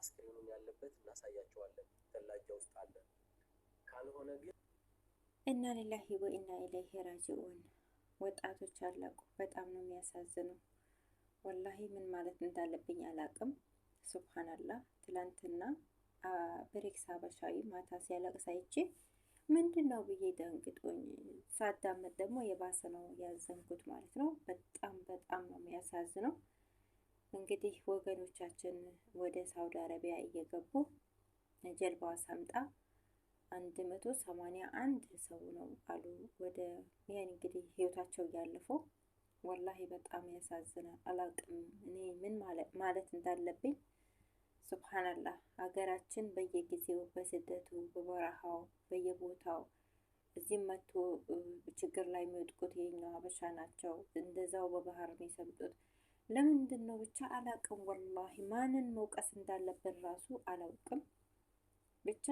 አስክሬኑን ያለበት እናሳያቸዋለን። ተላጃ ውስጥ አለ። ካልሆነ ግን እና ሊላሂ ወኢና ኢለይሂ ራጂኡን። ወጣቶች አለቁ። በጣም ነው የሚያሳዝነው። ወላሂ ምን ማለት እንዳለብኝ አላቅም። ሱብሃናላህ ትላንትና ብሬክስ ሀበሻዊ ማታ ሲያለቅስ አይቼ ምንድን ነው ብዬ ደንግጦኝ ሳዳመጥ ደግሞ የባሰ ነው ያዘንኩት ማለት ነው። በጣም በጣም ነው የሚያሳዝነው። እንግዲህ ወገኖቻችን ወደ ሳውዲ አረቢያ እየገቡ ጀልባዋ ሰምጣ አንድ መቶ ሰማኒያ አንድ ሰው ነው አሉ። ወደ ይህን እንግዲህ ህይወታቸው እያለፉ ወላሂ በጣም ያሳዝናል። አላውቅም እኔ ምን ማለት እንዳለብኝ። ሱብሓናላህ ሀገራችን በየጊዜው በስደቱ በበረሃው በየቦታው እዚህም መጥቶ ችግር ላይ የሚወድቁት የኛው ሀበሻ ናቸው። እንደዛው በባህር የሰምጡት። ለምንድን ነው ብቻ አላቅም ወላሂ ማንን መውቀስ እንዳለብን ራሱ አላውቅም። ብቻ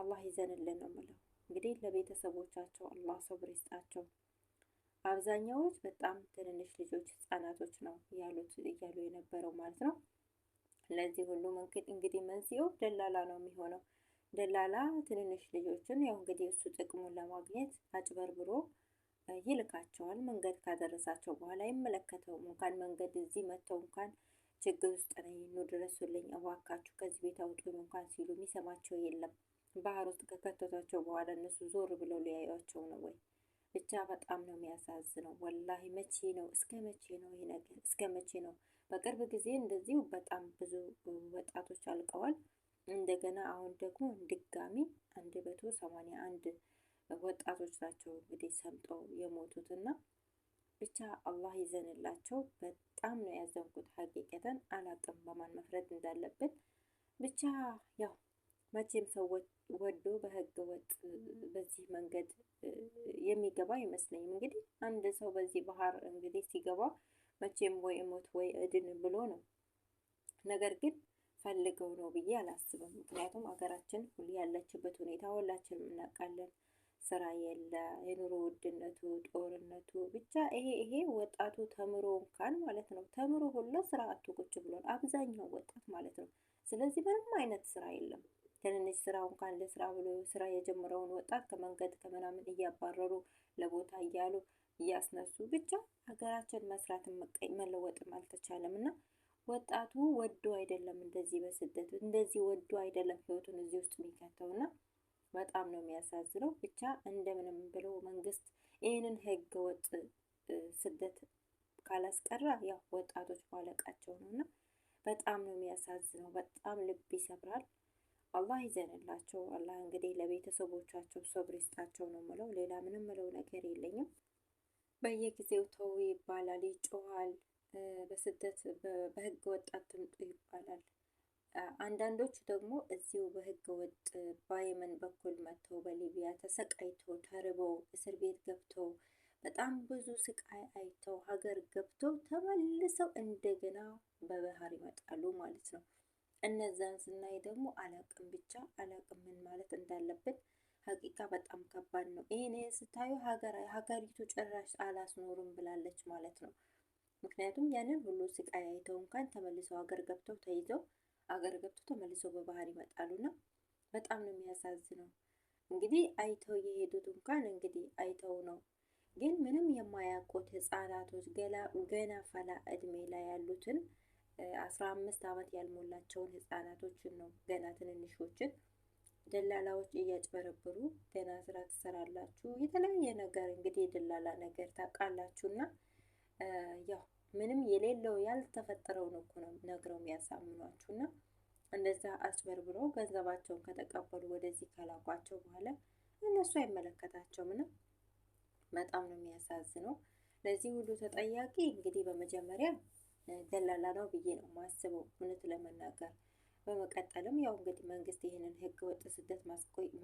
አላህ ይዘንልን ነው የምለው። እንግዲህ ለቤተሰቦቻቸው አላህ ሰብር ይስጣቸው። አብዛኛዎች በጣም ትንንሽ ልጆች ህጻናቶች ነው ያሉት እያሉ የነበረው ማለት ነው። ለዚህ ሁሉ እንግዲህ መንስኤው ደላላ ነው የሚሆነው። ደላላ ትንንሽ ልጆችን ያው እንግዲህ እሱ ጥቅሙን ለማግኘት አጭበርብሮ ይልካቸዋል። መንገድ ካደረሳቸው በኋላ አይመለከተውም። እንኳን መንገድ እዚህ መጥተው እንኳን ችግር ውስጥ ነኝ፣ ኑ ድረሱልኝ፣ እባካችሁ ከዚህ ቤት አውጡኝ እንኳን ሲሉ የሚሰማቸው የለም። ባህር ውስጥ ከከተቷቸው በኋላ እነሱ ዞር ብለው ሊያዩቸው ነው ወይ? ብቻ በጣም ነው የሚያሳዝነው። ወላሂ መቼ ነው እስከ መቼ ነው ይሄ ነገር እስከ መቼ ነው? በቅርብ ጊዜ እንደዚሁ በጣም ብዙ ወጣቶች አልቀዋል። እንደገና አሁን ደግሞ ድጋሚ አንድ መቶ ሰማንያ አንድ ወጣቶች ናቸው እንግዲህ ሰምጠው የሞቱት እና ብቻ አላህ ይዘንላቸው። በጣም ነው ያዘንኩት። ሀቂቀተን አላቅም በማን መፍረድ እንዳለብን። ብቻ ያው መቼም ሰው ወዶ በህገ ወጥ በዚህ መንገድ የሚገባ አይመስለኝም። እንግዲህ አንድ ሰው በዚህ ባህር እንግዲህ ሲገባ መቼም ወይ እሞት ወይ እድን ብሎ ነው። ነገር ግን ፈልገው ነው ብዬ አላስብም። ምክንያቱም አገራችን ሁሉ ያለችበት ሁኔታ ሁላችንም እናውቃለን። ስራ የለ፣ የኑሮ ውድነቱ፣ ጦርነቱ ብቻ ይሄ ይሄ ወጣቱ ተምሮ እንኳን ማለት ነው ተምሮ ሁሉ ስራ አጥቶ ቁጭ ብሏል፣ አብዛኛው ወጣት ማለት ነው። ስለዚህ ምንም አይነት ስራ የለም። ትንንሽ ስራ እንኳን ለስራ ብሎ ስራ የጀመረውን ወጣት ከመንገድ ከምናምን እያባረሩ ለቦታ እያሉ እያስነሱ ብቻ ሀገራችን መስራትን መለወጥም አልተቻለም እና ወጣቱ ወዶ አይደለም እንደዚህ በስደት እንደዚህ ወዶ አይደለም ህይወቱን እዚህ ውስጥ የሚከተውና በጣም ነው የሚያሳዝነው። ብቻ እንደምንም ብሎ መንግስት ይህንን ህገ ወጥ ስደት ካላስቀራ ያው ወጣቶች ማለቃቸው ነው እና በጣም ነው የሚያሳዝነው። በጣም ልብ ይሰብራል። አላህ ይዘንላቸው። አላህ እንግዲህ ለቤተሰቦቻቸው ሶብር ይስጣቸው ነው ምለው። ሌላ ምንም ምለው ነገር የለኝም። በየጊዜው ተው ይባላል፣ ይጮሃል። በስደት በህገ ወጣት ትምጡ ይባላል። አንዳንዶቹ ደግሞ እዚሁ በህገ ወጥ በየመን በኩል መጥተው በሊቢያ ተሰቃይተው ተርበው እስር ቤት ገብተው በጣም ብዙ ስቃይ አይተው ሀገር ገብተው ተመልሰው እንደገና በባህር ይመጣሉ ማለት ነው። እነዛን ስናይ ደግሞ አላቅም ብቻ አላቅም ምን ማለት እንዳለብን ሀቂቃ በጣም ከባድ ነው። ይህን ስታዩ ሀገሪቱ ጭራሽ አላስኖሩም ብላለች ማለት ነው። ምክንያቱም ያንን ሁሉ ስቃይ አይተው እንኳን ተመልሰው ሀገር ገብተው ተይዘው አገር ገብቶ ተመልሶ በባህር ይመጣሉና በጣም ነው የሚያሳዝነው። እንግዲህ አይተው የሄዱት እንኳን እንግዲህ አይተው ነው። ግን ምንም የማያውቁት ህጻናቶች ገና ፈላ እድሜ ላይ ያሉትን አስራ አምስት አመት ያልሞላቸውን ህጻናቶችን ነው ገና ትንንሾችን ደላላዎች እያጭበረብሩ ገና ስራ ትሰራላችሁ የተለያየ ነገር እንግዲህ የደላላ ነገር ታውቃላችሁና ያው ምንም የሌለው ያልተፈጠረውን እኮ ነው ነግረው የሚያሳምኗችሁ። እና እንደዛ ብለው ገንዘባቸውን ከተቀበሉ ወደዚህ ከላኳቸው በኋላ እነሱ አይመለከታቸውም። እና በጣም ነው የሚያሳዝነው። ለዚህ ሁሉ ተጠያቂ እንግዲህ በመጀመሪያ ደላላ ነው ብዬ ነው ማስበው እውነት ለመናገር በመቀጠልም ያው እንግዲህ መንግስት ይህንን ህገ ወጥ ስደት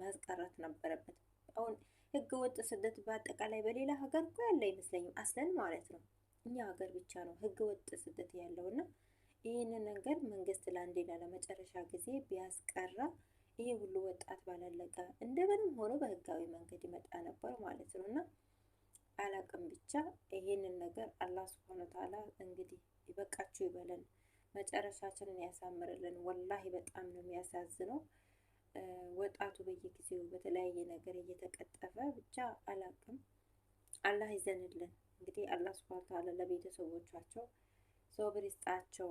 ማስቀረት ነበረበት። አሁን ህገ ወጥ ስደት በአጠቃላይ በሌላ ሀገር እኮ ያለ አይመስለኝም አስለን ማለት ነው። እኛ ሀገር ብቻ ነው ህገ ወጥ ስደት ያለው እና ይህንን ነገር መንግስት ለአንዴና ለመጨረሻ ጊዜ ቢያስቀራ ይህ ሁሉ ወጣት ባላለቀ እንደምንም ሆኖ በህጋዊ መንገድ ይመጣ ነበር ማለት ነው እና አላቅም ብቻ ይህንን ነገር አላህ ስብሐነ ወተዓላ እንግዲህ ይበቃችሁ ይበለን፣ መጨረሻችንን ያሳምርልን። ወላሂ በጣም ነው የሚያሳዝነው። ወጣቱ በየጊዜው በተለያየ ነገር እየተቀጠፈ ብቻ አላቅም። አላህ ይዘንልን። እንግዲህ አላህ ሱብሃነሁ ወተዓላ ለቤተሰቦቻቸው ሶብር ይስጣቸው።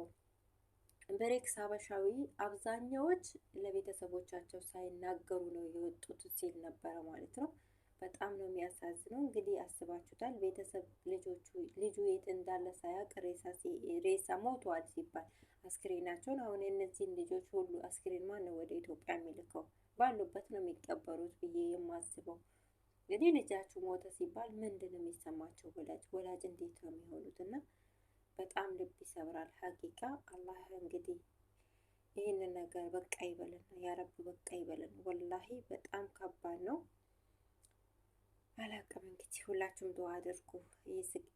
ብሬክስ ሀበሻዊ አብዛኛዎች ለቤተሰቦቻቸው ሳይናገሩ ነው የወጡት ሲል ነበረ ማለት ነው። በጣም ነው የሚያሳዝነው። እንግዲህ አስባችሁታል። ቤተሰብ ልጆቹ ልጁ የት እንዳለ ሳያውቅ ሬሳ ሞተዋል ሲባል አስክሬናቸውን አሁን እነዚህን ልጆች ሁሉ አስክሬን ማን ነው ወደ ኢትዮጵያ የሚልከው? ባሉበት ነው የሚቀበሩት ብዬ የማስበው። እንግዲህ ልጃችሁ ሞተ ሲባል ምንድን ነው የሚሰማቸው ወላጅ ወላጅ እንዴት ነው የሚሆኑት? እና በጣም ልብ ይሰብራል። ሀቂቃ አላህ እንግዲህ ይህንን ነገር በቃ ይበልን፣ ያረብ በቃ ይበለን ወላሂ በጣም ከባድ ነው። አላቅም እንግዲህ ሁላችሁም ዱዓ አድርጉ፣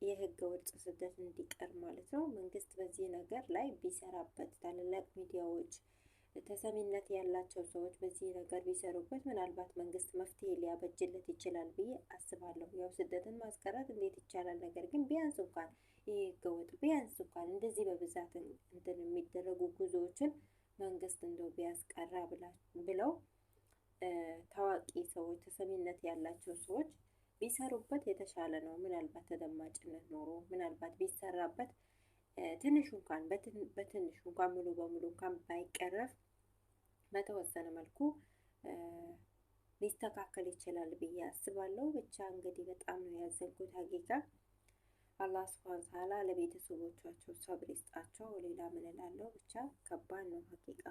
የህገ ወጥ ስደት እንዲቀር ማለት ነው። መንግስት በዚህ ነገር ላይ ቢሰራበት ታላላቅ ሚዲያዎች ተሰሚነት ያላቸው ሰዎች በዚህ ነገር ቢሰሩበት ምናልባት መንግስት መፍትሄ ሊያበጅለት ይችላል ብዬ አስባለሁ። ያው ስደትን ማስቀረት እንዴት ይቻላል? ነገር ግን ቢያንስ እንኳን ይህ ህገወጥ ቢያንስ እንኳን እንደዚህ በብዛት እንትን የሚደረጉ ጉዞዎችን መንግስት እንደው ቢያስቀራ ብለው ታዋቂ ሰዎች፣ ተሰሚነት ያላቸው ሰዎች ቢሰሩበት የተሻለ ነው። ምናልባት ተደማጭነት ኖሮ ምናልባት ቢሰራበት ትንሽ እንኳን በትንሹ እንኳን ሙሉ በሙሉ እንኳን ባይቀረፍ በተወሰነ መልኩ ሊስተካከል ይችላል ብዬ አስባለሁ። ብቻ እንግዲህ በጣም ነው ያዘንኩት ሀቂቃ። አላህ ስብሃነ ተዓላ ለቤተሰቦቻቸው ሰብር ይስጣቸው። ሌላ ምን እላለሁ? ብቻ ከባድ ነው ሀቂቃ።